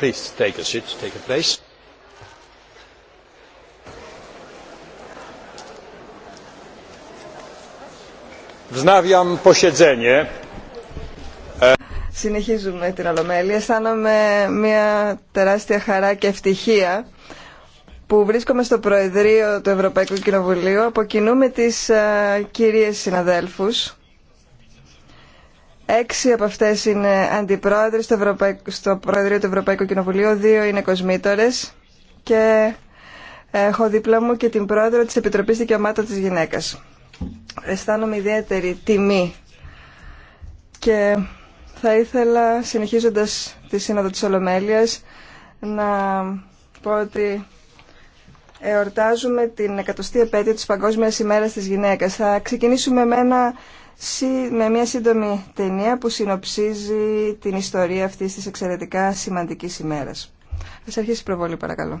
Please take Συνεχίζουμε την Ολομέλεια. Αισθάνομαι μια τεράστια χαρά και ευτυχία που βρίσκομαι στο Προεδρείο του Ευρωπαϊκού Κοινοβουλίου. Αποκινούμε τις ε, κυρίες συναδέλφους Έξι από αυτές είναι αντιπρόεδροι στο, στο Προεδρείο του Ευρωπαϊκού Κοινοβουλίου, δύο είναι κοσμήτορες και έχω δίπλα μου και την πρόεδρο της Επιτροπής Δικαιωμάτων της Γυναίκα. Αισθάνομαι ιδιαίτερη τιμή και θα ήθελα συνεχίζοντας τη Σύνοδο της Ολομέλειας να πω ότι εορτάζουμε την εκατοστή επέτειο της Παγκόσμιας ημέρας της γυναίκας. Θα ξεκινήσουμε με ένα με μια σύντομη ταινία που συνοψίζει την ιστορία αυτής της εξαιρετικά σημαντικής ημέρας. Ας αρχίσει η προβολή παρακαλώ.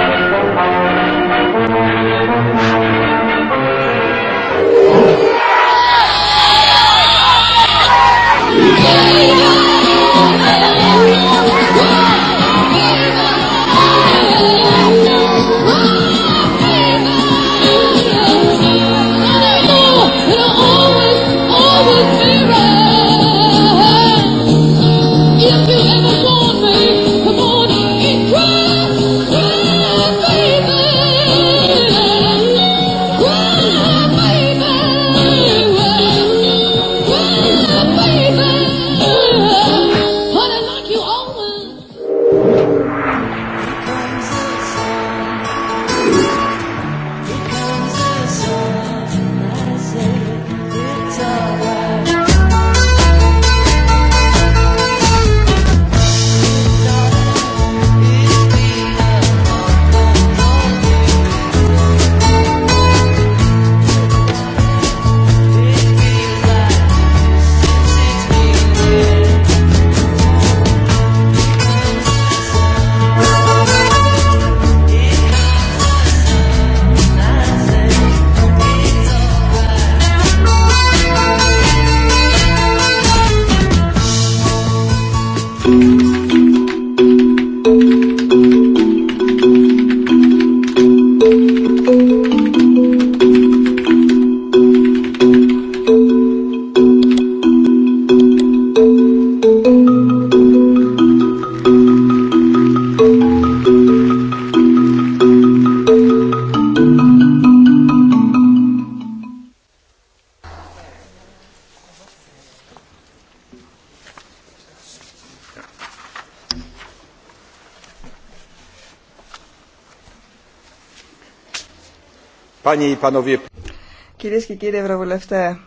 Κυρίες και κύριοι Ευρωβουλευτέ,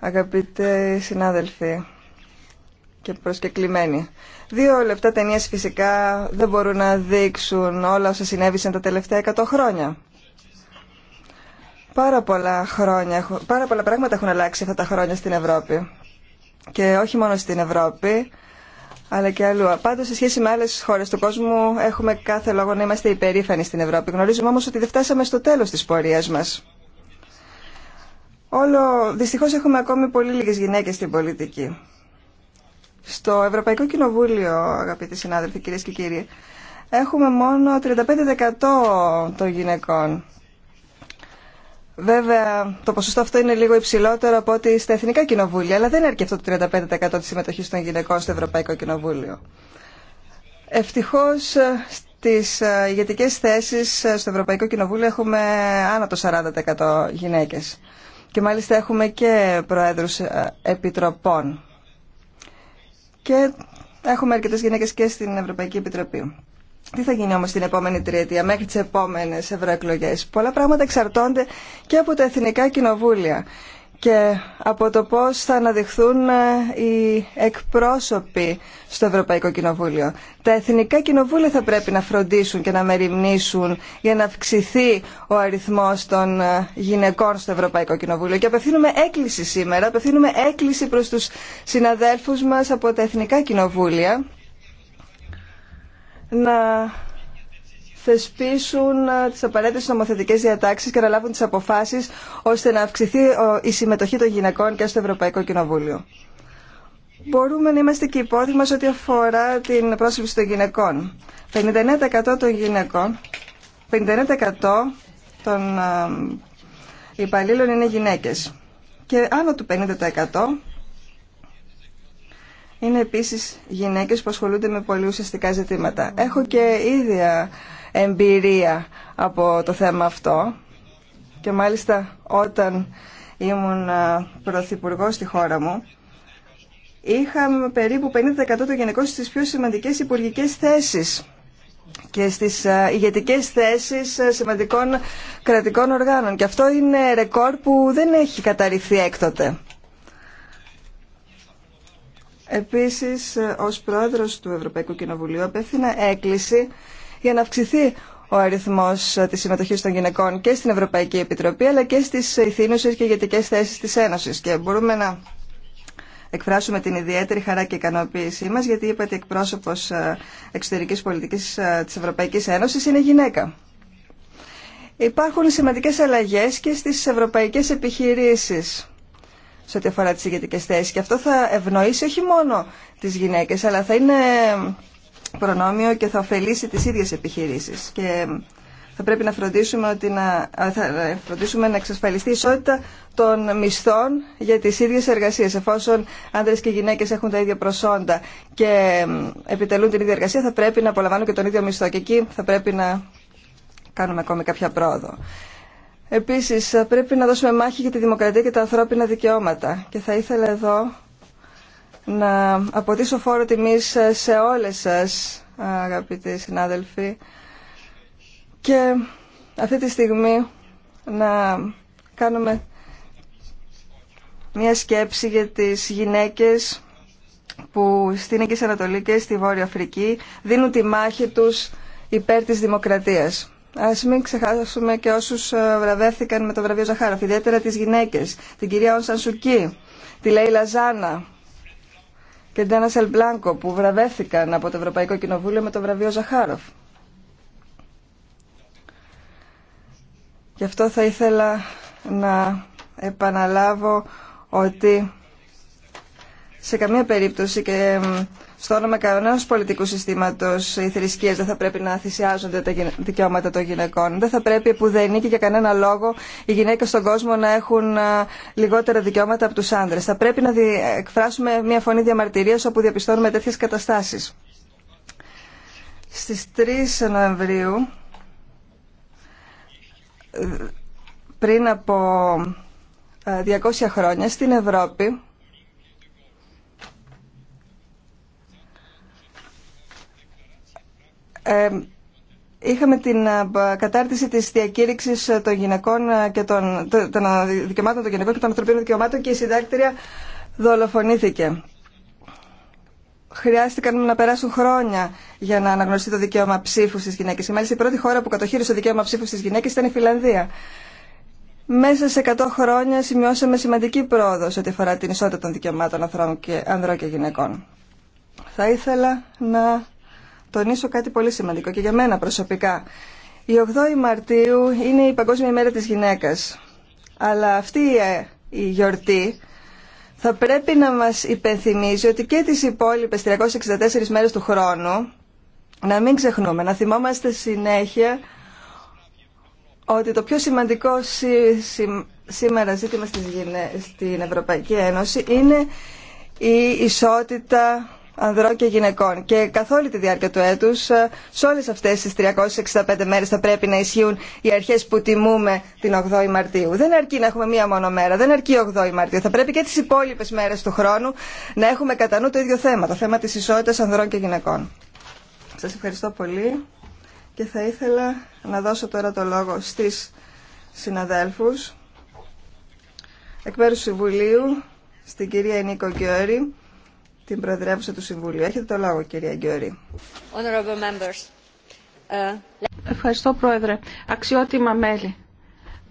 αγαπητοί συνάδελφοι και προσκεκλημένοι, δύο λεπτά ταινίες φυσικά δεν μπορούν να δείξουν όλα όσα συνέβησαν τα τελευταία 100 χρόνια. Πάρα πολλά, χρόνια, πάρα πολλά πράγματα έχουν αλλάξει αυτά τα χρόνια στην Ευρώπη. Και όχι μόνο στην Ευρώπη, αλλά και αλλού. Πάντω, σε σχέση με άλλε χώρε του κόσμου, έχουμε κάθε λόγο να είμαστε υπερήφανοι στην Ευρώπη. Γνωρίζουμε όμω ότι δεν φτάσαμε στο τέλο τη πορεία μα. Όλο, δυστυχώς έχουμε ακόμη πολύ λίγες γυναίκες στην πολιτική. Στο Ευρωπαϊκό Κοινοβούλιο, αγαπητοί συνάδελφοι, κυρίες και κύριοι, έχουμε μόνο 35% των γυναικών. Βέβαια, το ποσοστό αυτό είναι λίγο υψηλότερο από ότι στα εθνικά κοινοβούλια, αλλά δεν έρχεται αυτό το 35% της συμμετοχής των γυναικών στο Ευρωπαϊκό Κοινοβούλιο. Ευτυχώς, ε, στις ε, ηγετικές θέσεις ε, στο Ευρωπαϊκό Κοινοβούλιο έχουμε άνω το 40% γυναίκες. Και μάλιστα έχουμε και προέδρους επιτροπών. Και έχουμε αρκετές γυναίκες και στην Ευρωπαϊκή Επιτροπή. Τι θα γίνει όμως την επόμενη τριετία, μέχρι τις επόμενες ευρωεκλογέ. Πολλά πράγματα εξαρτώνται και από τα εθνικά κοινοβούλια και από το πώς θα αναδειχθούν ε, οι εκπρόσωποι στο Ευρωπαϊκό Κοινοβούλιο. Τα εθνικά κοινοβούλια θα πρέπει να φροντίσουν και να μεριμνήσουν για να αυξηθεί ο αριθμός των ε, γυναικών στο Ευρωπαϊκό Κοινοβούλιο. Και απευθύνουμε έκκληση σήμερα, απευθύνουμε έκκληση προς τους συναδέλφους μας από τα εθνικά κοινοβούλια να θεσπίσουν ε, τις απαραίτητες νομοθετικές διατάξεις και να λάβουν τις αποφάσεις ώστε να αυξηθεί ε, η συμμετοχή των γυναικών και στο Ευρωπαϊκό Κοινοβούλιο. Μπορούμε να είμαστε και υπόδειγμα σε ό,τι αφορά την πρόσληψη των γυναικών. 59% των γυναικών, 59% των ε, υπαλλήλων είναι γυναίκες και άνω του 50% είναι επίσης γυναίκες που ασχολούνται με πολύ ουσιαστικά ζητήματα. Έχω και ίδια εμπειρία από το θέμα αυτό και μάλιστα όταν ήμουν πρωθυπουργός στη χώρα μου είχαμε περίπου 50% των γυναικών στις πιο σημαντικές υπουργικές θέσεις και στις ηγετικές θέσεις σημαντικών κρατικών οργάνων. Και αυτό είναι ρεκόρ που δεν έχει καταρριφθεί έκτοτε. Επίσης, ως πρόεδρος του Ευρωπαϊκού Κοινοβουλίου, απέφθηνα έκκληση για να αυξηθεί ο αριθμός ε, της συμμετοχής των γυναικών και στην Ευρωπαϊκή Επιτροπή, αλλά και στις ηθήνουσες και ηγετικές θέσεις της Ένωσης. Και μπορούμε να εκφράσουμε την ιδιαίτερη χαρά και ικανοποίησή μας, γιατί είπατε εκπρόσωπος ε, εξωτερικής πολιτικής ε, της Ευρωπαϊκής Ένωσης είναι γυναίκα. Υπάρχουν σημαντικές αλλαγές και στις ευρωπαϊκές επιχειρήσεις σε ό,τι αφορά τι ηγετικέ θέσει. Και αυτό θα ευνοήσει όχι μόνο τι γυναίκε, αλλά θα είναι προνόμιο και θα ωφελήσει τι ίδιε επιχειρήσει. Και θα πρέπει να φροντίσουμε, ότι να, θα φροντίσουμε να εξασφαλιστεί η ισότητα των μισθών για τι ίδιε εργασίε. Εφόσον άνδρες και γυναίκε έχουν τα ίδια προσόντα και επιτελούν την ίδια εργασία, θα πρέπει να απολαμβάνουν και τον ίδιο μισθό. Και εκεί θα πρέπει να κάνουμε ακόμη κάποια πρόοδο. Επίσης, πρέπει να δώσουμε μάχη για τη δημοκρατία και τα ανθρώπινα δικαιώματα. Και θα ήθελα εδώ να αποτίσω φόρο τιμής σε όλες σας, αγαπητοί συνάδελφοι. Και αυτή τη στιγμή να κάνουμε μια σκέψη για τις γυναίκες που στην Αγγλική Ανατολή και στη Βόρεια Αφρική δίνουν τη μάχη τους υπέρ της δημοκρατίας. Α μην ξεχάσουμε και όσους ε, βραβεύθηκαν με το βραβείο Ζαχάροφ, ιδιαίτερα τις γυναίκες, την κυρία Ονσανσουκή, τη Λέιλα Λαζάνα και την Τένα Σελμπλάνκο που βραβεύθηκαν από το Ευρωπαϊκό Κοινοβούλιο με το βραβείο Ζαχάροφ. Γι' αυτό θα ήθελα να επαναλάβω ότι σε καμία περίπτωση και στο όνομα κανένα πολιτικού συστήματο οι θρησκείε δεν θα πρέπει να θυσιάζονται τα δικαιώματα των γυναικών. Δεν θα πρέπει που δεν είναι και για κανένα λόγο οι γυναίκε στον κόσμο να έχουν λιγότερα δικαιώματα από του άντρε. Θα πρέπει να εκφράσουμε μια φωνή διαμαρτυρία όπου διαπιστώνουμε τέτοιε καταστάσει. Στι 3 Νοεμβρίου, ε, πριν από 200 χρόνια, στην Ευρώπη, Ε, είχαμε την ε, κατάρτιση της διακήρυξης ε, των, γυναικών και των, των δικαιωμάτων των γυναικών και των ανθρωπίνων δικαιωμάτων και η συντάκτρια δολοφονήθηκε. Χρειάστηκαν να περάσουν χρόνια για να αναγνωριστεί το δικαίωμα ψήφου στις γυναίκες. Και μάλιστα η πρώτη χώρα που κατοχύρισε το δικαίωμα ψήφου στις γυναίκες ήταν η Φιλανδία. Μέσα σε 100 χρόνια σημειώσαμε σημαντική πρόοδο ό,τι αφορά την ισότητα των δικαιωμάτων ανδρών και γυναικών. Θα ήθελα να τονίσω κάτι πολύ σημαντικό και για μένα προσωπικά. Η 8η Μαρτίου είναι η Παγκόσμια ημέρα της γυναίκας. Αλλά αυτή ε, η γιορτή θα πρέπει να μας υπενθυμίζει ότι και τις υπόλοιπες 364 μέρες του χρόνου να μην ξεχνούμε, να θυμόμαστε συνέχεια ότι το πιο σημαντικό σήμερα ζήτημα στην Ευρωπαϊκή Ένωση είναι η ισότητα ανδρών και γυναικών. Και καθ' όλη τη διάρκεια του έτου, ε, σε όλε αυτέ τι 365 μέρε θα πρέπει να ισχύουν οι αρχέ που τιμούμε την 8η Μαρτίου. Δεν αρκεί να έχουμε μία μόνο μέρα, δεν αρκεί η 8η Μαρτίου. Θα πρέπει και τι υπόλοιπε μέρε του χρόνου να έχουμε κατά νου το ίδιο θέμα, το θέμα τη ισότητας ανδρών και γυναικών. Σα ευχαριστώ πολύ και θα ήθελα να δώσω τώρα το λόγο στις συναδέλφου. εκ μέρου Συμβουλίου στην κυρία Νίκο Γκιόρη την Προεδρεύουσα του Συμβουλίου. Έχετε το λόγο, κυρία Γκιόρη. Ε, ευχαριστώ, Πρόεδρε. Αξιότιμα μέλη.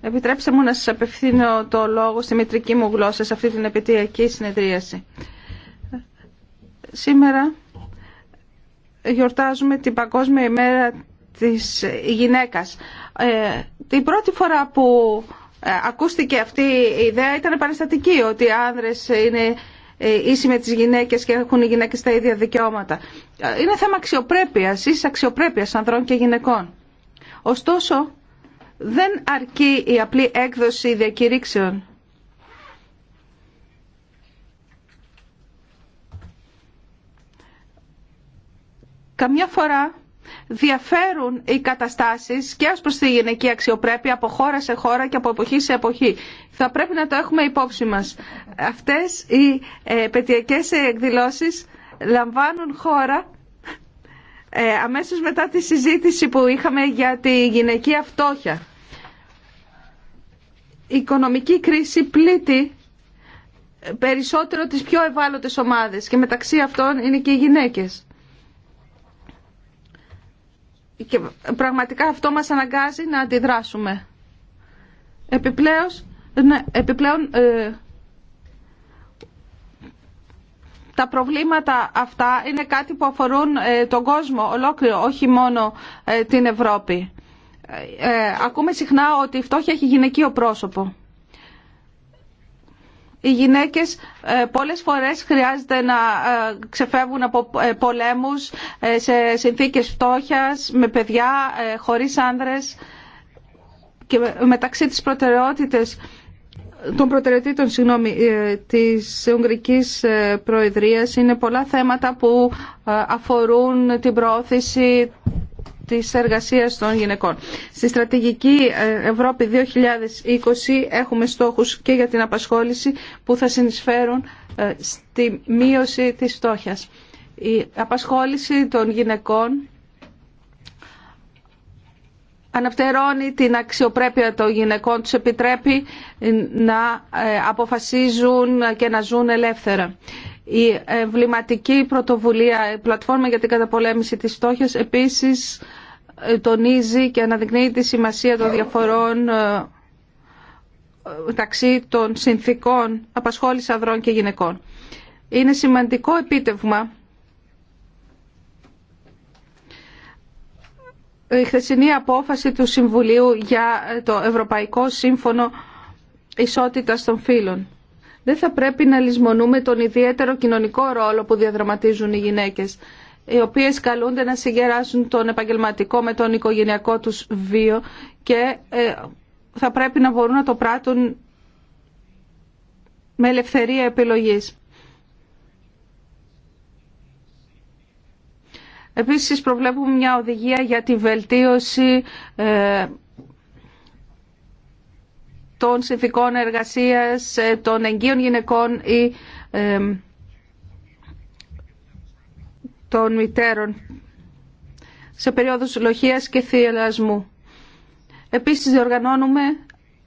Επιτρέψτε μου να σας απευθύνω το λόγο στη μητρική μου γλώσσα σε αυτή την επαιτειακή συνεδρίαση. Σήμερα γιορτάζουμε την Παγκόσμια ημέρα της γυναίκας. Ε, την πρώτη φορά που ε, ακούστηκε αυτή η ιδέα ήταν επαναστατική ότι οι άνδρες είναι ε, ίση με τις γυναίκες και έχουν οι γυναίκες τα ίδια δικαιώματα. Ε, είναι θέμα αξιοπρέπειας, ίσης αξιοπρέπειας ανδρών και γυναικών. Ωστόσο, δεν αρκεί η απλή έκδοση διακηρύξεων. Καμιά φορά διαφέρουν οι καταστάσεις και ως προς τη γυναική αξιοπρέπεια από χώρα σε χώρα και από εποχή σε εποχή. Θα πρέπει να το έχουμε υπόψη μας. Αυτές οι ε, πετειακές εκδηλώσεις λαμβάνουν χώρα ε, αμέσως μετά τη συζήτηση που είχαμε για τη γυναική αυτόχεια. Η οικονομική κρίση πλήττει ε, περισσότερο τις πιο ευάλωτες ομάδες και μεταξύ αυτών είναι και οι γυναίκες και πραγματικά αυτό μας αναγκάζει να αντιδράσουμε. Ναι, επιπλέον, ε, τα προβλήματα αυτά είναι κάτι που αφορούν ε, τον κόσμο ολόκληρο, όχι μόνο ε, την Ευρώπη. Ακούμε συχνά ότι η φτώχεια έχει γυναικείο πρόσωπο οι γυναίκες ε, πολλές φορές χρειάζεται να ε, ξεφεύγουν από ε, πολέμους σε συνθήκες φτώχειας, με παιδιά, χωρίς άνδρες και μεταξύ της των προτεραιοτήτων συγγνώμη, της Ουγγρικής Προεδρίας είναι πολλά θέματα που αφορούν την πρόθεση της εργασίας των γυναικών. Στη στρατηγική ε, Ευρώπη 2020 έχουμε στόχους και για την απασχόληση που θα συνεισφέρουν ε, στη μείωση της φτώχειας. Η απασχόληση των γυναικών αναφτερώνει την αξιοπρέπεια των γυναικών, τους επιτρέπει ε, να αποφασίζουν και να ζουν ελεύθερα. Η εμβληματική πρωτοβουλία, η πλατφόρμα για την καταπολέμηση της φτώχειας, επίσης ε, τονίζει και αναδεικνύει τη σημασία των διαφορών ε, ε, μεταξύ των συνθήκων απασχόληση ανδρών και γυναικών. Είναι σημαντικό επίτευγμα η χθεσινή απόφαση του Συμβουλίου για το Ευρωπαϊκό Σύμφωνο Ισότητας των Φύλων δεν θα πρέπει να λησμονούμε τον ιδιαίτερο κοινωνικό ρόλο που διαδραματίζουν οι γυναίκες οι οποίες καλούνται να συγκεράσουν τον επαγγελματικό με τον οικογενειακό τους βίο και ε, θα πρέπει να μπορούν να το πράττουν με ελευθερία επιλογής. Επίσης προβλέπουμε μια οδηγία για τη βελτίωση ε, των συνθηκών εργασίας ε, των εγγύων γυναικών ή των μητέρων σε περίοδους λοχίας και θυελασμού. Επίσης διοργανώνουμε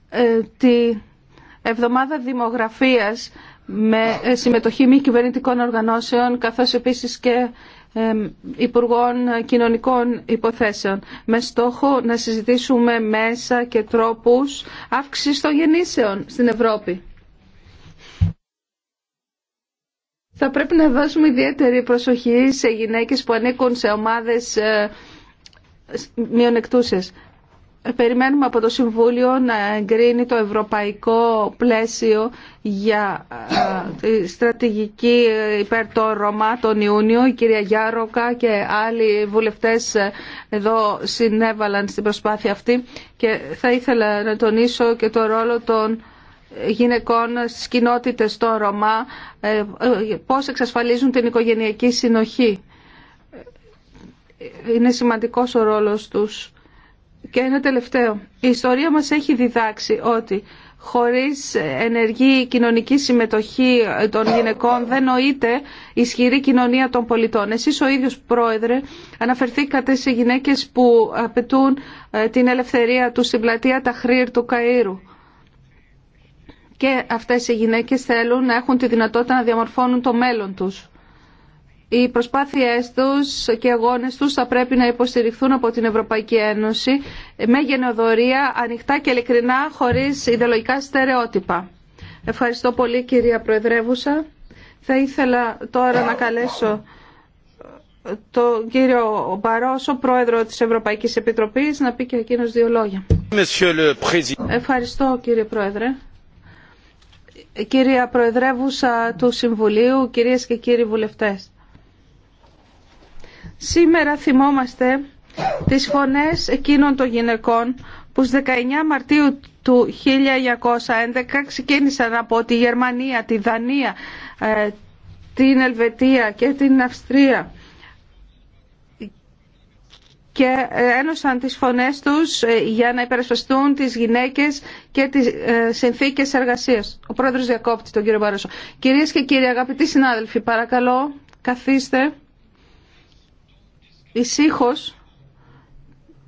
ε, τη Εβδομάδα Δημογραφίας με ε, συμμετοχή μη κυβερνητικών οργανώσεων καθώς επίσης και Υπουργών Κοινωνικών Υποθέσεων με στόχο να συζητήσουμε μέσα και τρόπους αύξησης των γεννήσεων στην Ευρώπη. Θα πρέπει να δώσουμε ιδιαίτερη προσοχή σε γυναίκες που ανήκουν σε ομάδες ε, μειονεκτούσες περιμένουμε από το Συμβούλιο να εγκρίνει το ευρωπαϊκό πλαίσιο για τη στρατηγική υπέρ το Ρωμά τον Ιούνιο. Η κυρία Γιάροκα και άλλοι βουλευτές εδώ συνέβαλαν στην προσπάθεια αυτή και θα ήθελα να τονίσω και το ρόλο των γυναικών στις κοινότητες των Ρωμά ε, ε, πώς εξασφαλίζουν την οικογενειακή συνοχή. Είναι σημαντικός ο ρόλος τους και ένα τελευταίο. Η ιστορία μας έχει διδάξει ότι χωρίς ενεργή κοινωνική συμμετοχή των γυναικών δεν νοείται ισχυρή κοινωνία των πολιτών. Εσείς ο ίδιος πρόεδρε αναφερθήκατε σε γυναίκες που απαιτούν ε, την ελευθερία του στην πλατεία Ταχρήρ του Καΐρου. Και αυτές οι γυναίκες θέλουν να έχουν τη δυνατότητα να διαμορφώνουν το μέλλον τους οι προσπάθειές τους και αγώνες τους θα πρέπει να υποστηριχθούν από την Ευρωπαϊκή Ένωση με γενοδορία, ανοιχτά και ειλικρινά, χωρίς ιδεολογικά στερεότυπα. Ευχαριστώ πολύ κυρία Προεδρεύουσα. Θα ήθελα τώρα να καλέσω τον κύριο Μπαρόσο, πρόεδρο της Ευρωπαϊκής Επιτροπής, να πει και εκείνος δύο λόγια. Ευχαριστώ κύριε Πρόεδρε. Κυρία Προεδρεύουσα του Συμβουλίου, κυρίες και κύριοι βουλευτές. Σήμερα θυμόμαστε τις φωνές εκείνων των γυναικών που στις 19 Μαρτίου του 1911 ξεκίνησαν από τη Γερμανία, τη Δανία, ε, την Ελβετία και την Αυστρία και ένωσαν τις φωνές τους ε, για να υπερασπιστούν τις γυναίκες και τις ε, συνθήκες εργασίας. Ο πρόεδρος διακόπτη τον κύριο Μπαρόσο. Κυρίες και κύριοι αγαπητοί συνάδελφοι, παρακαλώ καθίστε ησύχως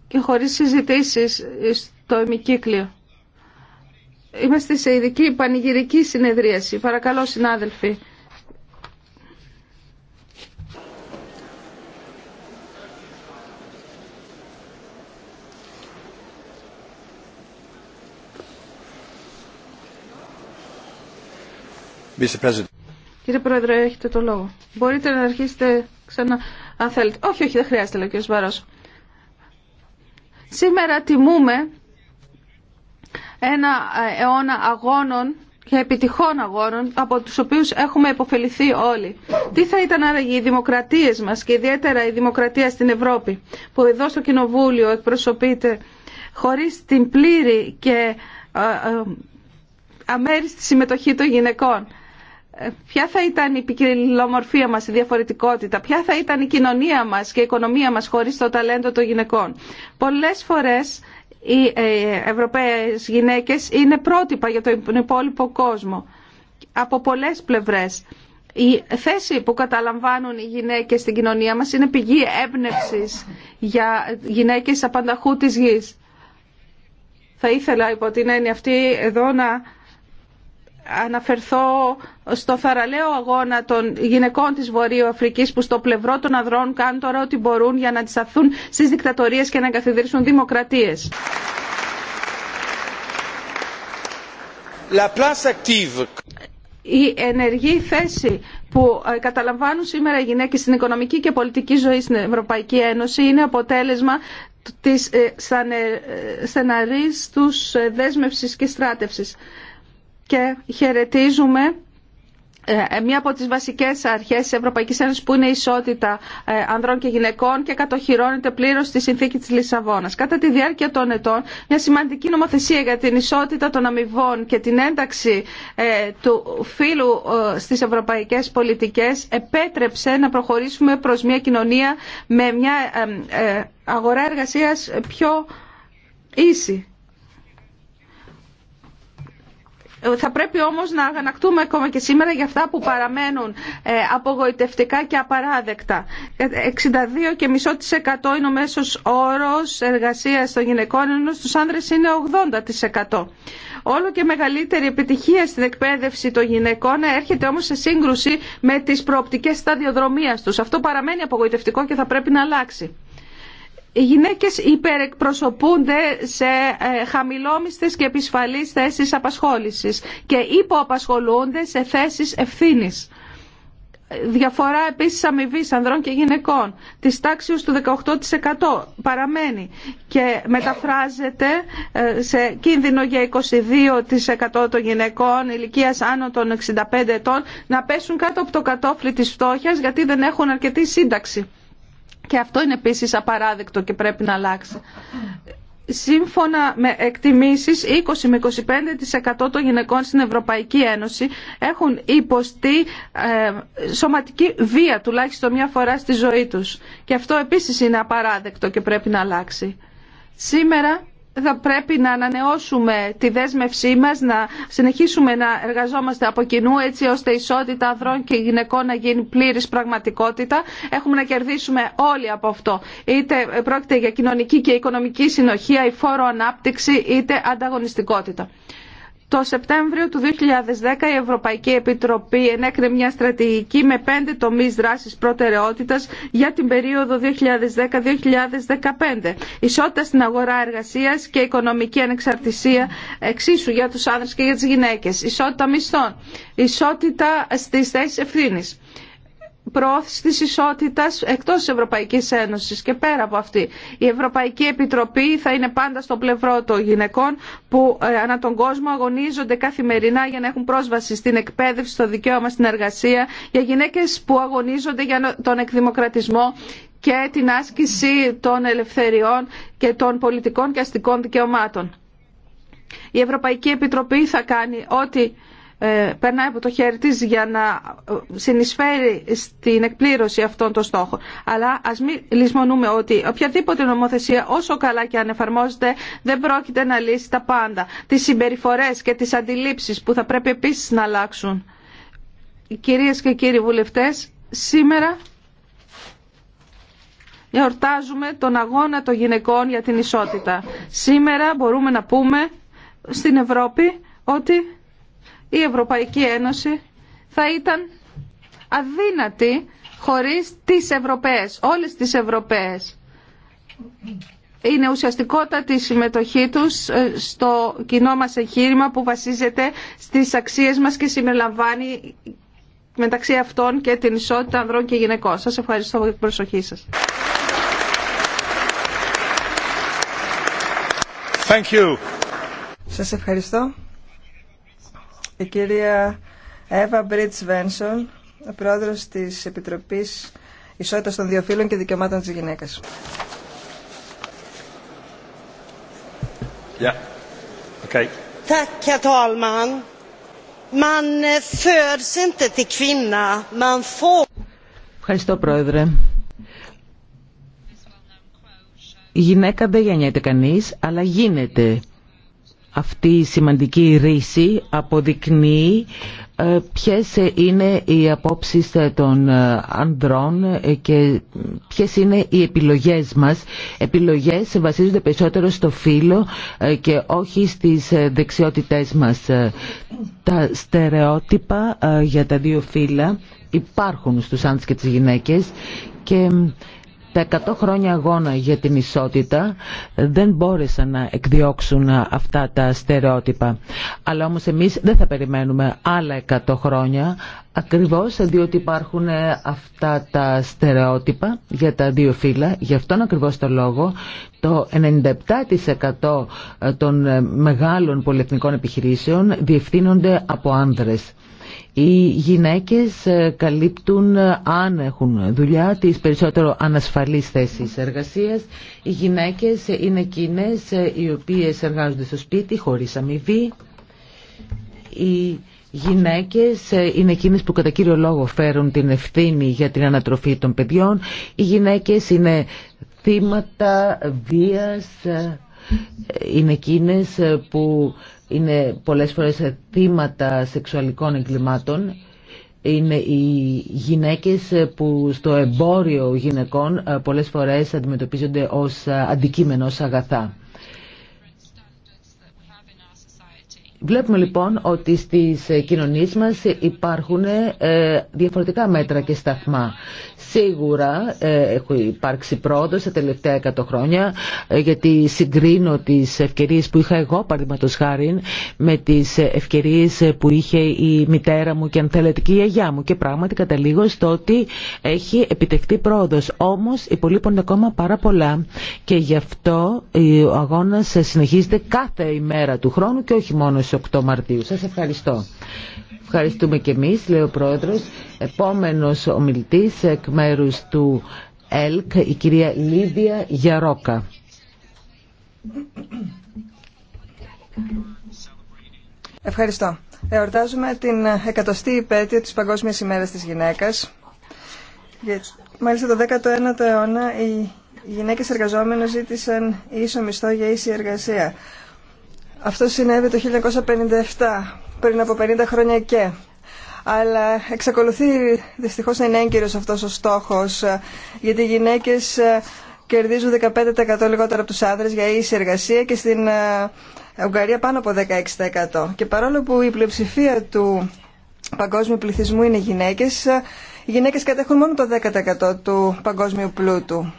και χωρίς συζητήσεις στο ημικύκλιο. Είμαστε σε ειδική πανηγυρική συνεδρίαση. Παρακαλώ συνάδελφοι. Κύριε Πρόεδρε, έχετε το λόγο. Μπορείτε να αρχίσετε ξανά. Αν Όχι, όχι, δεν χρειάζεται, λέει ο κ. Σήμερα τιμούμε ένα αιώνα αγώνων και επιτυχών αγώνων από τους οποίους έχουμε υποφεληθεί όλοι. Τι θα ήταν άραγε οι δημοκρατίες μας και ιδιαίτερα η δημοκρατία στην Ευρώπη που εδώ στο Κοινοβούλιο εκπροσωπείται χωρίς την πλήρη και ε, ε, αμέριστη συμμετοχή των γυναικών ποια θα ήταν η ποικιλομορφία μας, η διαφορετικότητα, ποια θα ήταν η κοινωνία μας και η οικονομία μας χωρίς το ταλέντο των γυναικών. Πολλές φορές οι ε, Ευρωπαίες γυναίκες είναι πρότυπα για τον υπόλοιπο κόσμο από πολλές πλευρές. Η θέση που καταλαμβάνουν οι γυναίκες στην κοινωνία μας είναι πηγή έμπνευσης για γυναίκες απανταχού της γης. Θα ήθελα υπό την έννοια αυτή εδώ να αναφερθώ στο θαραλέο αγώνα των γυναικών της Βορείου Αφρικής που στο πλευρό των ανδρών κάνουν τώρα ό,τι μπορούν για να αντισταθούν στις δικτατορίες και να εγκαθιδρύσουν δημοκρατίες. La Η ενεργή θέση που ε, καταλαμβάνουν σήμερα οι γυναίκες στην οικονομική και πολιτική ζωή στην Ευρωπαϊκή Ένωση είναι αποτέλεσμα της ε, ε, στεναρής τους δέσμευσης και στράτευσης και χαιρετίζουμε ε, ε, μία από τις βασικές αρχές της Ευρωπαϊκής Ένωσης που είναι η ισότητα ε, ανδρών και γυναικών και κατοχυρώνεται πλήρως στη συνθήκη της Λισαβόνας. Κατά τη διάρκεια των ετών, μια σημαντική νομοθεσία για την ισότητα των αμοιβών και την ένταξη του φύλου στις ευρωπαϊκές πολιτικές επέτρεψε να προχωρήσουμε προς μια κοινωνία με μια αγορά εργασίας πιο ίση. Θα πρέπει όμως να αγανακτούμε ακόμα και σήμερα για αυτά που παραμένουν ε, απογοητευτικά και απαράδεκτα. 62,5% ε, είναι ο μέσος όρος εργασίας των γυναικών, ενώ στους άνδρες είναι 80%. Όλο και μεγαλύτερη επιτυχία στην εκπαίδευση των γυναικών έρχεται όμως σε σύγκρουση με τις προοπτικές σταδιοδρομίας τους. Αυτό παραμένει απογοητευτικό και θα πρέπει να αλλάξει οι γυναίκες υπερεκπροσωπούνται σε ε, χαμηλόμιστες και επισφαλείς θέσεις απασχόλησης και υποαπασχολούνται σε θέσεις ευθύνης. Διαφορά επίσης αμοιβή ανδρών και γυναικών της τάξης του 18% παραμένει και μεταφράζεται ε, σε κίνδυνο για 22% των γυναικών ηλικίας άνω των 65 ετών να πέσουν κάτω από το κατόφλι της φτώχειας γιατί δεν έχουν αρκετή σύνταξη και αυτό είναι επίσης απαράδεκτο και πρέπει να αλλάξει. Σύμφωνα με εκτιμήσεις, 20 με 25% των γυναικών στην Ευρωπαϊκή Ένωση έχουν υποστεί ε, σωματική βία τουλάχιστον μια φορά στη ζωή τους. Και αυτό επίσης είναι απαράδεκτο και πρέπει να αλλάξει. Σήμερα θα πρέπει να ανανεώσουμε τη δέσμευσή μας, να συνεχίσουμε να εργαζόμαστε από κοινού έτσι ώστε η ισότητα ανδρών και γυναικών να γίνει πλήρης πραγματικότητα. Έχουμε να κερδίσουμε όλοι από αυτό. Είτε πρόκειται για κοινωνική και οικονομική συνοχή, η φόρο ανάπτυξη, είτε ανταγωνιστικότητα. Το Σεπτέμβριο του 2010 η Ευρωπαϊκή Επιτροπή ενέκρινε μια στρατηγική με πέντε τομείς δράσης προτεραιότητας για την περίοδο 2010-2015. Ισότητα στην αγορά εργασίας και οικονομική ανεξαρτησία εξίσου για τους άνδρες και για τις γυναίκες. Ισότητα μισθών. Ισότητα στις θέσεις ευθύνης προώθηση της ισότητας εκτός της Ευρωπαϊκής Ένωσης και πέρα από αυτή. Η Ευρωπαϊκή Επιτροπή θα είναι πάντα στο πλευρό των γυναικών που ε, ανά τον κόσμο αγωνίζονται καθημερινά για να έχουν πρόσβαση στην εκπαίδευση, στο δικαίωμα στην εργασία, για γυναίκες που αγωνίζονται για τον εκδημοκρατισμό και την άσκηση των ελευθεριών και των πολιτικών και αστικών δικαιωμάτων. Η Ευρωπαϊκή Επιτροπή θα κάνει ό,τι ε, περνάει από το χέρι για να ε, συνεισφέρει στην εκπλήρωση αυτών των στόχων. Αλλά ας μην λησμονούμε ότι οποιαδήποτε νομοθεσία όσο καλά και αν εφαρμόζεται δεν πρόκειται να λύσει τα πάντα. Τις συμπεριφορές και τις αντιλήψεις που θα πρέπει επίσης να αλλάξουν. Κυρίες και κύριοι βουλευτές, σήμερα εορτάζουμε τον αγώνα των γυναικών για την ισότητα. Σήμερα μπορούμε να πούμε στην Ευρώπη ότι η Ευρωπαϊκή Ένωση θα ήταν αδύνατη χωρίς τις Ευρωπαίες, όλες τις Ευρωπαίες. Είναι ουσιαστικότατη η συμμετοχή τους ε, στο κοινό μας εγχείρημα που βασίζεται στις αξίες μας και συμμελαμβάνει μεταξύ αυτών και την ισότητα ανδρών και γυναικών. Σας ευχαριστώ για την προσοχή σας. Thank Σας ευχαριστώ. Η κυρία Εύα Μπρίτς Βένσον, πρόεδρος της Επιτροπής Ισότητας των Διοφύλων και Δικαιωμάτων της Γυναίκας. Yeah. Okay. Man eh, föds inte till kvinna, Ευχαριστώ, Πρόεδρε. Η γυναίκα δεν γεννιέται κανείς, αλλά γίνεται αυτή η σημαντική ρίση αποδεικνύει ε, ποιες είναι οι απόψεις ε, των ε, ανδρών και ποιες είναι οι επιλογές μας. Επιλογές βασίζονται περισσότερο στο φύλλο και όχι στις δεξιότητές μας. Τα στερεότυπα για τα δύο φύλλα υπάρχουν στους άντρες και τις γυναίκες και τα 100 χρόνια αγώνα για την ισότητα δεν μπόρεσαν να εκδιώξουν αυτά τα στερεότυπα. Αλλά όμως εμείς δεν θα περιμένουμε άλλα 100 χρόνια, ακριβώς διότι υπάρχουν αυτά τα στερεότυπα για τα δύο φύλλα. Γι' αυτόν ακριβώς το λόγο το 97% των μεγάλων πολυεθνικών επιχειρήσεων διευθύνονται από άνδρες. Οι γυναίκες ε, καλύπτουν, ε, αν έχουν δουλειά, τις περισσότερο ανασφαλείς θέσεις εργασίας. Οι γυναίκες είναι εκείνες ε, οι οποίες εργάζονται στο σπίτι χωρίς αμοιβή. Οι γυναίκες είναι εκείνες που κατά κύριο λόγο φέρουν την ευθύνη για την ανατροφή των παιδιών. Οι γυναίκες είναι θύματα βίας, είναι εκείνες που είναι πολλές φορές θύματα σεξουαλικών εγκλημάτων είναι οι γυναίκες που στο εμπόριο γυναικών ε, πολλές φορές αντιμετωπίζονται ως ε, αντικείμενο, ως αγαθά. Βλέπουμε λοιπόν ότι στις ε, κοινωνίες μας υπάρχουν ε, διαφορετικά μέτρα και σταθμά. Σίγουρα ε, έχω υπάρξει πρόοδο τα τελευταία 100 χρόνια γιατί συγκρίνω τις ευκαιρίες που είχα εγώ παραδείγματος χάρη με τις ευκαιρίες που είχε η μητέρα μου και αν θέλετε και η αγιά μου και πράγματι καταλήγω στο ότι έχει επιτευχθεί πρόοδος. Όμως υπολείπουν ακόμα πάρα πολλά και γι' αυτό ο αγώνας συνεχίζεται κάθε ημέρα του χρόνου και όχι μόνο στις Μαρτίου. Σας ευχαριστώ. Ευχαριστούμε και εμείς, λέει ο Πρόεδρος. Επόμενος ομιλητής εκ μέρους του ΕΛΚ, η κυρία Λίδια Γιαρόκα. Ευχαριστώ. Εορτάζουμε την εκατοστή υπέτειο της Παγκόσμιας ημέρας της γυναίκας. Μάλιστα το 19ο αιώνα οι γυναίκες εργαζόμενες ζήτησαν ίσο μισθό για ίση εργασία. Αυτό συνέβη το 1957, πριν από 50 χρόνια και. Αλλά εξακολουθεί δυστυχώς να είναι έγκυρος αυτός ο στόχος, ε, γιατί οι γυναίκες ε, κερδίζουν 15% λιγότερο από τους άνδρες για ίση εργασία και στην ε, Ουγγαρία πάνω από 16%. Και παρόλο που η πλειοψηφία του παγκόσμιου πληθυσμού είναι γυναίκες, οι γυναίκες κατέχουν μόνο το 10% του παγκόσμιου πλούτου.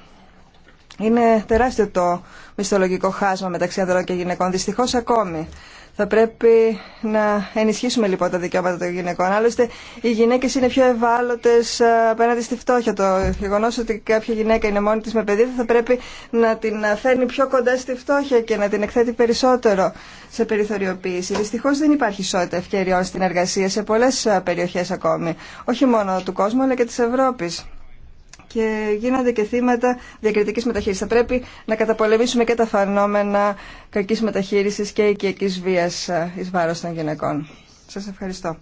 Είναι τεράστιο το μισθολογικό χάσμα μεταξύ ανδρών και γυναικών, δυστυχώ ακόμη. Θα πρέπει να ενισχύσουμε λοιπόν τα δικαιώματα των γυναικών. Άλλωστε, οι γυναίκε είναι πιο ευάλωτε ε, απέναντι στη φτώχεια. Το γεγονό ότι κάποια γυναίκα είναι μόνη τη με παιδί θα πρέπει να την φέρνει πιο κοντά στη φτώχεια και να την εκθέτει περισσότερο σε περιθωριοποίηση. Δυστυχώ δεν υπάρχει ισότητα ευκαιριών στην εργασία σε πολλέ ε, περιοχέ ακόμη. Όχι μόνο του κόσμου, αλλά και τη Ευρώπη και γίνονται και θύματα διακριτικής μεταχείρισης. Θα πρέπει να καταπολεμήσουμε και τα φαινόμενα κακής μεταχείρισης και οικιακή βίας ε, εις βάρος των γυναικών. Σας ευχαριστώ.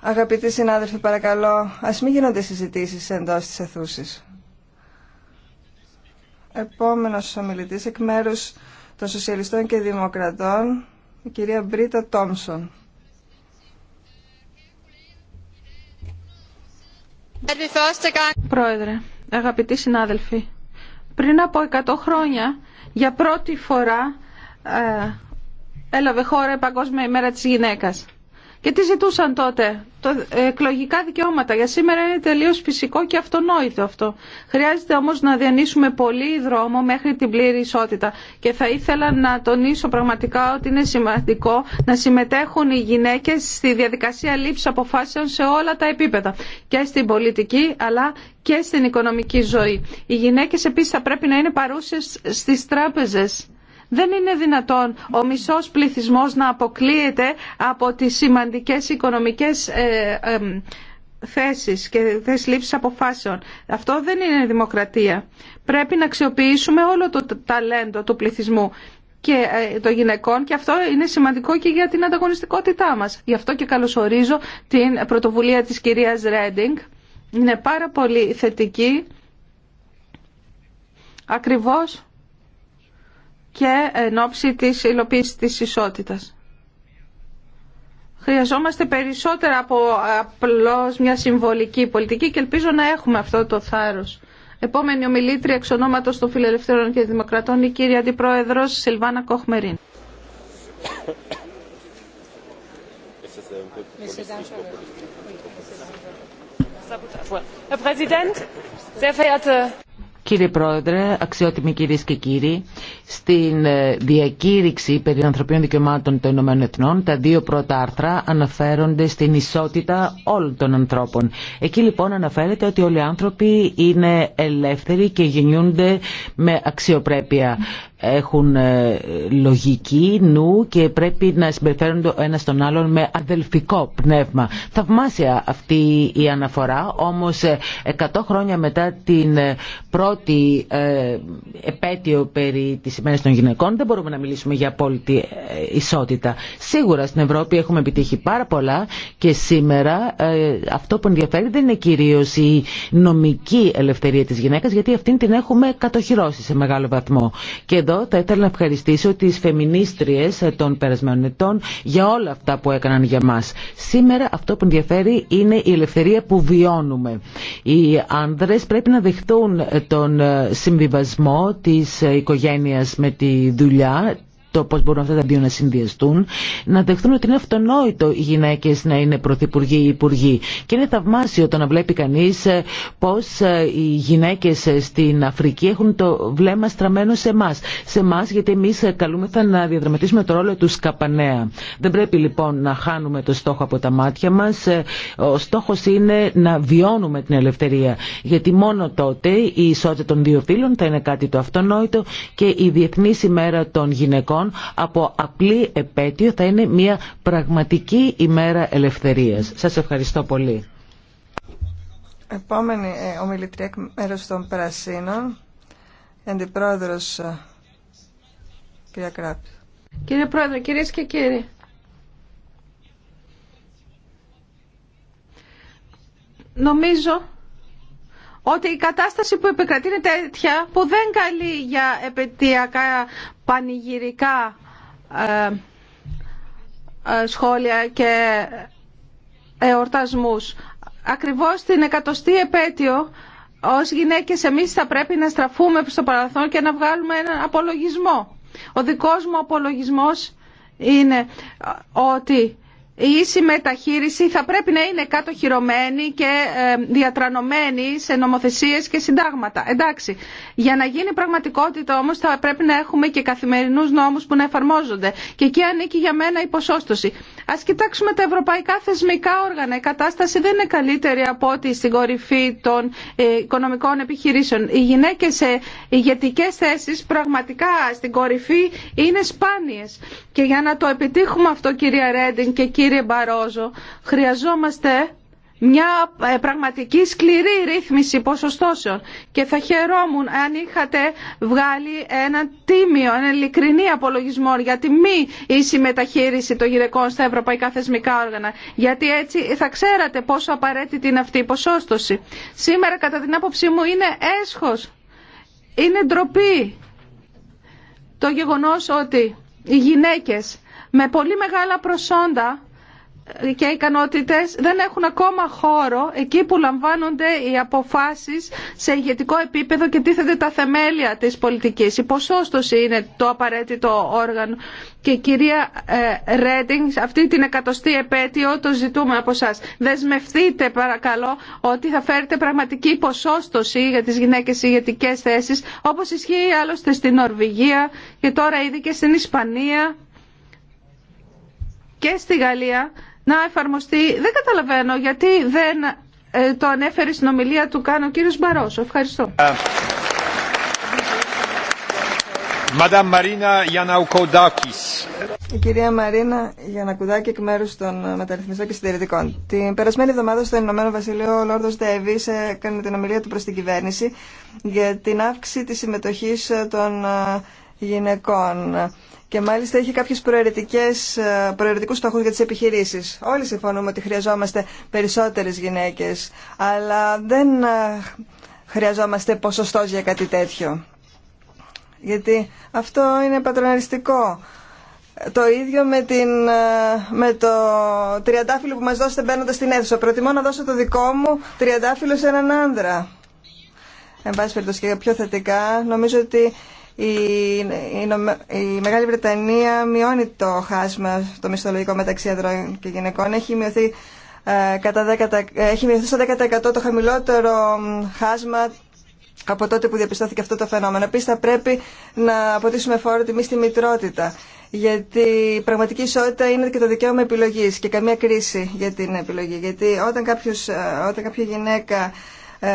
Αγαπητοί συνάδελφοι, παρακαλώ, ας μην γίνονται συζητήσεις εντός της Επόμενο Επόμενος ομιλητής εκ μέρου των Σοσιαλιστών και Δημοκρατών, η κυρία Μπρίτα Τόμσον. Πρόεδρε, αγαπητοί συνάδελφοι, πριν από 100 χρόνια για πρώτη φορά ε, έλαβε χώρα η Παγκόσμια ημέρα της γυναίκας. Και τι ζητούσαν τότε. Το, ε, εκλογικά δικαιώματα. Για σήμερα είναι τελείω φυσικό και αυτονόητο αυτό. Χρειάζεται όμω να διανύσουμε πολύ δρόμο μέχρι την πλήρη ισότητα. Και θα ήθελα να τονίσω πραγματικά ότι είναι σημαντικό να συμμετέχουν οι γυναίκε στη διαδικασία λήψη αποφάσεων σε όλα τα επίπεδα. Και στην πολιτική αλλά και στην οικονομική ζωή. Οι γυναίκε επίση θα πρέπει να είναι παρούσε στι τράπεζε δεν είναι δυνατόν ο μισός πληθυσμός να αποκλείεται από τις σημαντικές οικονομικές ε, ε, θέσεις και θέσεις λήψης αποφάσεων. Αυτό δεν είναι δημοκρατία. Πρέπει να αξιοποιήσουμε όλο το ταλέντο του πληθυσμού και ε, των γυναικών και αυτό είναι σημαντικό και για την ανταγωνιστικότητά μας. Γι' αυτό και καλωσορίζω την πρωτοβουλία της κυρίας Ρέντινγκ. Είναι πάρα πολύ θετική. Ακριβώς και εν ώψη της υλοποίησης της ισότητας. Χρειαζόμαστε περισσότερα από απλώς μια συμβολική πολιτική και ελπίζω να έχουμε αυτό το θάρρος. Επόμενη ομιλήτρια εξ ονόματος των Φιλελευθέρων και Δημοκρατών, η κύρια Αντιπρόεδρος Σιλβάνα Κοχμερίν. Herr Κύριε Πρόεδρε, αξιότιμοι κυρίες και κύριοι, στην ε, διακήρυξη περί ανθρωπίνων δικαιωμάτων των Ηνωμένων τα δύο πρώτα άρθρα αναφέρονται στην ισότητα όλων των ανθρώπων. Εκεί λοιπόν αναφέρεται ότι όλοι οι άνθρωποι είναι ελεύθεροι και γεννιούνται με αξιοπρέπεια έχουν ε, λογική νου και πρέπει να συμπεριφέρονται ο ένας τον άλλον με αδελφικό πνεύμα. Θαυμάσια αυτή η αναφορά, όμως 100 ε, χρόνια μετά την ε, πρώτη επέτειο περί της ημέρας των γυναικών δεν μπορούμε να μιλήσουμε για απόλυτη ισότητα. Σίγουρα στην Ευρώπη έχουμε επιτύχει πάρα πολλά και σήμερα αυτό που ενδιαφέρει δεν είναι κυρίως η νομική ελευθερία της γυναίκας γιατί αυτήν την έχουμε κατοχυρώσει σε μεγάλο βαθμό. Και εδώ θα ήθελα να ευχαριστήσω τις φεμινίστριες των περασμένων ετών για όλα αυτά που έκαναν για μας. Σήμερα αυτό που ενδιαφέρει είναι η ελευθερία που βιώνουμε. Οι άνδρες πρέπει να δεχτούν τον συμβιβασμό της οικογένειας με τη δουλειά, το πώς μπορούν αυτά τα δύο να συνδυαστούν, να δεχθούν ότι είναι αυτονόητο οι γυναίκες να είναι πρωθυπουργοί ή υπουργοί. Και είναι θαυμάσιο το να βλέπει κανείς ε, πώς ε, οι γυναίκες ε, στην Αφρική έχουν το βλέμμα στραμμένο σε εμά. Σε εμά γιατί εμείς καλούμεθα να διαδραματίσουμε το ρόλο του σκαπανέα. Δεν πρέπει λοιπόν να χάνουμε το στόχο από τα μάτια μας. Ο στόχος είναι να βιώνουμε την ελευθερία. Γιατί μόνο τότε η ισότητα των δύο φίλων θα είναι κάτι το αυτονόητο και η Διεθνή ημέρα των γυναικών από απλή επέτειο θα είναι μια πραγματική ημέρα ελευθερίας. Σας ευχαριστώ πολύ. Επόμενη ε, ομιλητρία εκ μέρους των Πρασίνων, αντιπρόεδρος ε, κυρία Κράπη. Κύριε Πρόεδρε, κυρίες και κύριοι. Νομίζω ότι η κατάσταση που επικρατεί είναι τέτοια που δεν καλεί για επαιτειακά πανηγυρικά ε, ε, σχόλια και εορτασμούς. Ακριβώς την εκατοστή επέτειο ως γυναίκες εμείς θα πρέπει να στραφούμε στο παρελθόν και να βγάλουμε έναν απολογισμό. Ο δικός μου απολογισμός είναι ότι η ίση μεταχείριση θα πρέπει να είναι κατοχυρωμένη και ε, διατρανωμένη σε νομοθεσίες και συντάγματα. Εντάξει, για να γίνει πραγματικότητα όμως θα πρέπει να έχουμε και καθημερινούς νόμους που να εφαρμόζονται. Και εκεί ανήκει για μένα η ποσόστοση. Ας κοιτάξουμε τα ευρωπαϊκά θεσμικά όργανα. Η κατάσταση δεν είναι καλύτερη από ό,τι στην κορυφή των ε, οικονομικών επιχειρήσεων. Οι γυναίκες σε ηγετικές θέσεις πραγματικά στην κορυφή είναι σπάνιες. Και για να το επιτύχουμε αυτό κυρία Ρέντιν και κύριε κύριε Μπαρόζο, χρειαζόμαστε μια ε, πραγματική σκληρή ρύθμιση ποσοστώσεων και θα χαιρόμουν αν είχατε βγάλει ένα τίμιο, ένα ειλικρινή απολογισμό για τη μη ίση μεταχείριση των γυναικών στα ευρωπαϊκά θεσμικά όργανα γιατί έτσι θα ξέρατε πόσο απαραίτητη είναι αυτή η ποσόστοση. Σήμερα κατά την άποψή μου είναι έσχος, είναι ντροπή το γεγονός ότι οι γυναίκες με πολύ μεγάλα προσόντα και οι δεν έχουν ακόμα χώρο εκεί που λαμβάνονται οι αποφάσει σε ηγετικό επίπεδο και τίθεται τα θεμέλια της πολιτική. Η ποσόστοση είναι το απαραίτητο όργανο και κυρία ε, Ρέντινγκ αυτή την εκατοστή επέτειο το ζητούμε από εσά. Δεσμευτείτε παρακαλώ ότι θα φέρετε πραγματική ποσόστοση για τι γυναίκε ηγετικέ θέσει, όπω ισχύει άλλωστε στην Νορβηγία και τώρα ήδη και στην Ισπανία και στη Γαλλία να εφαρμοστεί. Δεν καταλαβαίνω γιατί δεν ε, το ανέφερε στην ομιλία του κάνω ο κύριος Μπαρόσο. Ευχαριστώ. Ε, Η κυρία Μαρίνα Γιανακουδάκη εκ μέρου των μεταρρυθμιστών και συντηρητικών. Την περασμένη εβδομάδα στο Ηνωμένο Βασιλείο, ο Λόρδο Ντέβι έκανε την ομιλία του προ την κυβέρνηση για την αύξηση τη συμμετοχή των ε, γυναικών και μάλιστα έχει κάποιους ε, προαιρετικού στόχου για τι επιχειρήσει. Όλοι συμφωνούμε ότι χρειαζόμαστε περισσότερες γυναίκες, αλλά δεν ε, χρειαζόμαστε ποσοστό για κάτι τέτοιο. Γιατί αυτό είναι πατροναριστικό. Το ίδιο με, την, ε, με το τριαντάφυλλο που μας δώσετε μπαίνοντα στην αίθουσα. Προτιμώ να δώσω το δικό μου τριαντάφυλλο σε έναν άνδρα. Εν πάση περιπτώσει και πιο θετικά, νομίζω ότι η Μεγάλη Βρετανία μειώνει το χάσμα το μισθολογικό μεταξύ ανδρών και γυναικών. Έχει μειωθεί, ε, κατά 10, έχει μειωθεί στο 10% το χαμηλότερο χάσμα από τότε που διαπιστώθηκε αυτό το φαινόμενο. Επίση, θα πρέπει να αποτίσουμε φόρο τιμή στη μητρότητα. Γιατί η πραγματική ισότητα είναι και το δικαίωμα επιλογή και καμία κρίση για την επιλογή. Γιατί όταν, ε, όταν κάποια γυναίκα. Ε,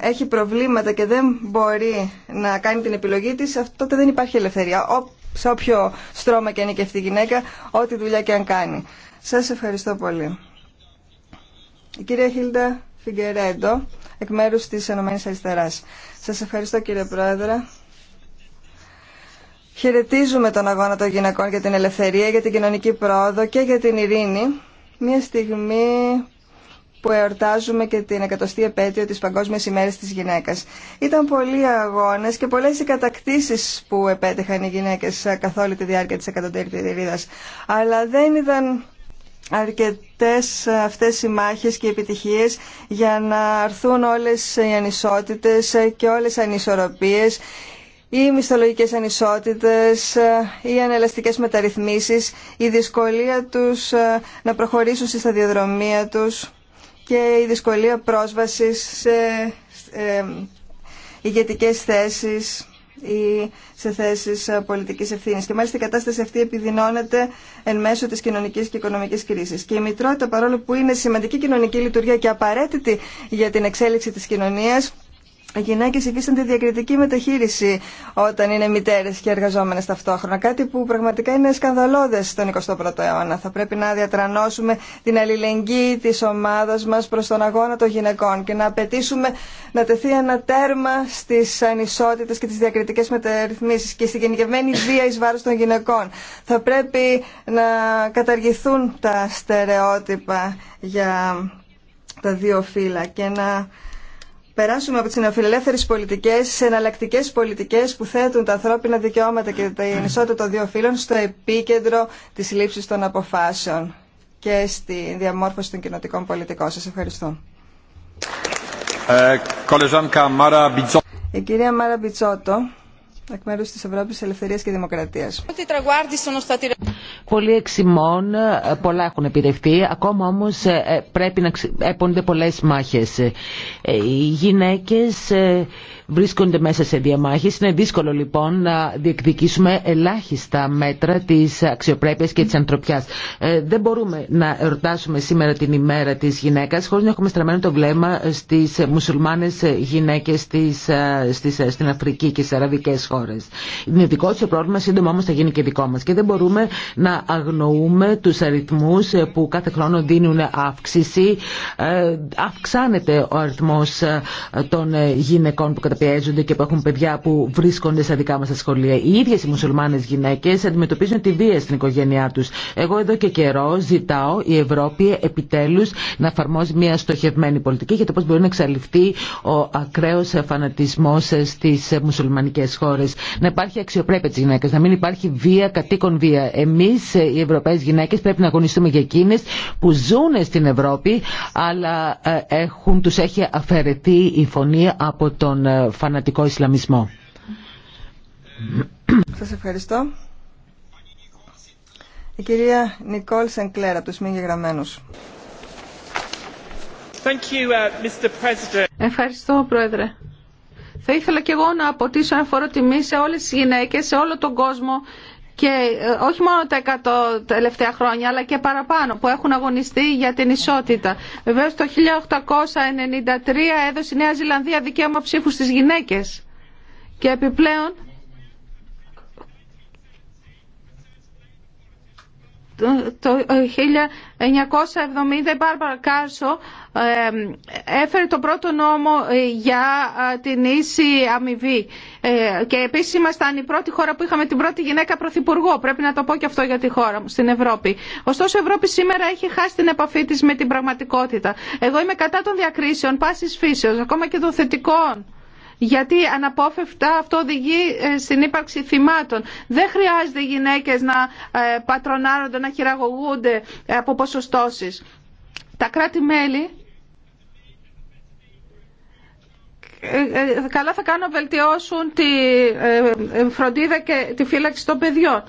έχει προβλήματα και δεν μπορεί να κάνει την επιλογή της, τότε δεν υπάρχει ελευθερία. σε όποιο στρώμα και είναι και αυτή η γυναίκα, ό,τι δουλειά και αν κάνει. Σας ευχαριστώ πολύ. Η κυρία Χίλντα Φιγκερέντο, εκ μέρους της Ενωμένης Αριστεράς. Σας ευχαριστώ κύριε Πρόεδρε. Χαιρετίζουμε τον αγώνα των γυναικών για την ελευθερία, για την κοινωνική πρόοδο και για την ειρήνη. Μια στιγμή που εορτάζουμε και την εκατοστή επέτειο της Παγκόσμιας ημέρας της γυναίκας. Ήταν πολλοί αγώνες και πολλές οι κατακτήσεις που επέτυχαν οι γυναίκες καθ' όλη τη διάρκεια της εκατοντήρης Αλλά δεν ήταν αρκετές αυτές οι μάχες και οι επιτυχίες για να αρθούν όλες οι ανισότητες και όλες οι ανισορροπίες οι μισθολογικές ανισότητες, οι ανελαστικές μεταρρυθμίσεις, η δυσκολία τους να προχωρήσουν στη σταδιοδρομία τους και η δυσκολία πρόσβασης σε ε, ηγετικές θέσεις ή σε θέσεις ε, πολιτικής ευθύνης. Και μάλιστα η κατάσταση αυτή επιδεινώνεται εν μέσω της κοινωνικής και οικονομικής κρίσης. Και η μητρότητα παρόλο που είναι σημαντική κοινωνική λειτουργία και απαραίτητη για την εξέλιξη της κοινωνίας οι γυναίκε υφίστανται διακριτική μεταχείριση όταν είναι μητέρες και εργαζόμενες ταυτόχρονα. Κάτι που πραγματικά είναι σκανδαλώδες στον 21ο αιώνα. Θα πρέπει να διατρανώσουμε την αλληλεγγύη τη ομάδα μας προς τον αγώνα των γυναικών και να απαιτήσουμε να τεθεί ένα τέρμα στις ανισότητες και τις διακριτικές μεταρρυθμίσεις και στην γενικευμένη βία εις βάρος των γυναικών. Θα πρέπει να καταργηθούν τα στερεότυπα για τα δύο φύλλα και να περάσουμε από τι νεοφιλελεύθερε πολιτικέ, σε εναλλακτικέ πολιτικέ που θέτουν τα ανθρώπινα δικαιώματα και τα ενισότητα των δύο φύλων στο επίκεντρο τη λήψη των αποφάσεων και στη διαμόρφωση των κοινοτικών πολιτικών. Σα ευχαριστώ. Ε, Η κυρία Μάρα Μπιτσότο, εκ μέρου τη Ευρώπη Ελευθερία και Δημοκρατίας. Πολλοί εξημών, ε, πολλά έχουν επιτευχθεί, ακόμα όμως ε, ε, πρέπει να έπονται πολλές μάχες. Οι γυναίκες βρίσκονται μέσα σε διαμάχες. Είναι δύσκολο λοιπόν να διεκδικήσουμε ελάχιστα μέτρα της αξιοπρέπειας και της ανθρωπιάς. Ε, δεν μπορούμε να εορτάσουμε σήμερα την ημέρα της γυναίκας χωρίς να έχουμε στραμμένο το βλέμμα στις μουσουλμάνες γυναίκες ε, στις, στις, ε, στην Αφρική και στις αραβικές χώρες. Είναι δικό τους πρόβλημα, σύντομα όμως θα γίνει και δικό μας. Και δεν μπορούμε να αγνοούμε τους αριθμούς που κάθε χρόνο δίνουν αύξηση. αυξάνεται ο αριθμός των γυναικών που και που έχουν παιδιά που βρίσκονται στα δικά μα τα σχολεία. Οι ίδιε οι μουσουλμάνε γυναίκε αντιμετωπίζουν τη βία στην οικογένειά του. Εγώ εδώ και καιρό ζητάω η Ευρώπη επιτέλου να εφαρμόζει μια στοχευμένη πολιτική για το πώ μπορεί να εξαλειφθεί ο ακραίο φανατισμό στι μουσουλμανικέ χώρε. Να υπάρχει αξιοπρέπεια τη γυναίκα, να μην υπάρχει βία κατοίκον βία. Εμεί οι Ευρωπαίε γυναίκε πρέπει να αγωνιστούμε για εκείνε που ζουν στην Ευρώπη αλλά ε, έχουν, τους έχει αφαιρεθεί η φωνή από τον ε, φανατικό Ισλαμισμό. Σας ευχαριστώ. Η κυρία Νικόλ Σενκλέρα, από τους μη γεγραμμένους. Uh, ευχαριστώ, Πρόεδρε. Θα ήθελα και εγώ να αποτίσω ένα φορό τιμή σε όλες τις γυναίκες, σε όλο τον κόσμο και ε, όχι μόνο τα 100 τελευταία χρόνια αλλά και παραπάνω που έχουν αγωνιστεί για την ισότητα. Βεβαίω το 1893 έδωσε η Νέα Ζηλανδία δικαίωμα ψήφου στις γυναίκες και επιπλέον το 1970 ε, η Μπάρμπαρα Κάρσο έφερε τον πρώτο νόμο ε, για την ίση αμοιβή. Ε, και επίσης ήμασταν η πρώτη χώρα που είχαμε την πρώτη γυναίκα πρωθυπουργό. Πρέπει να το πω και αυτό για τη χώρα μου, στην Ευρώπη. Ωστόσο η Ευρώπη σήμερα έχει χάσει την επαφή της με την πραγματικότητα. Εγώ είμαι κατά των διακρίσεων, πάσης φύσεως, ακόμα και των θετικών γιατί αναπόφευκτα αυτό οδηγεί ε, στην ύπαρξη θυμάτων. Δεν χρειάζεται οι γυναίκες να ε, πατρονάρονται, να χειραγωγούνται ε, από ποσοστώσεις. Τα κράτη-μέλη καλά θα κάνουν να βελτιώσουν τη φροντίδα και τη φύλαξη των παιδιών.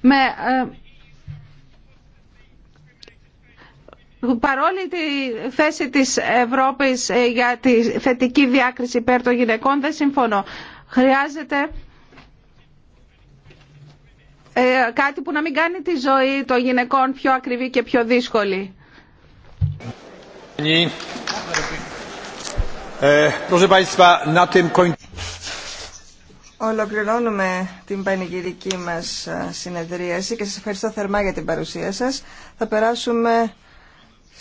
Με παρόλη τη θέση της Ευρώπης ε, για τη θετική διάκριση υπέρ των γυναικών δεν συμφωνώ. Χρειάζεται ε, κάτι που να μην κάνει τη ζωή των γυναικών πιο ακριβή και πιο δύσκολη. Ε, Ολοκληρώνουμε την πανηγυρική μας συνεδρίαση και σας ευχαριστώ θερμά για την παρουσία σας. Θα περάσουμε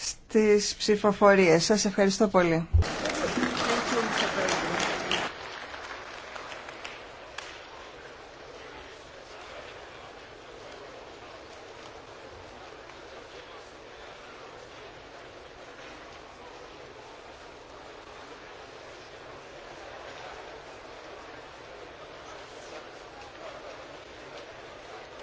στις ψηφοφορίες. Σας ευχαριστώ πολύ.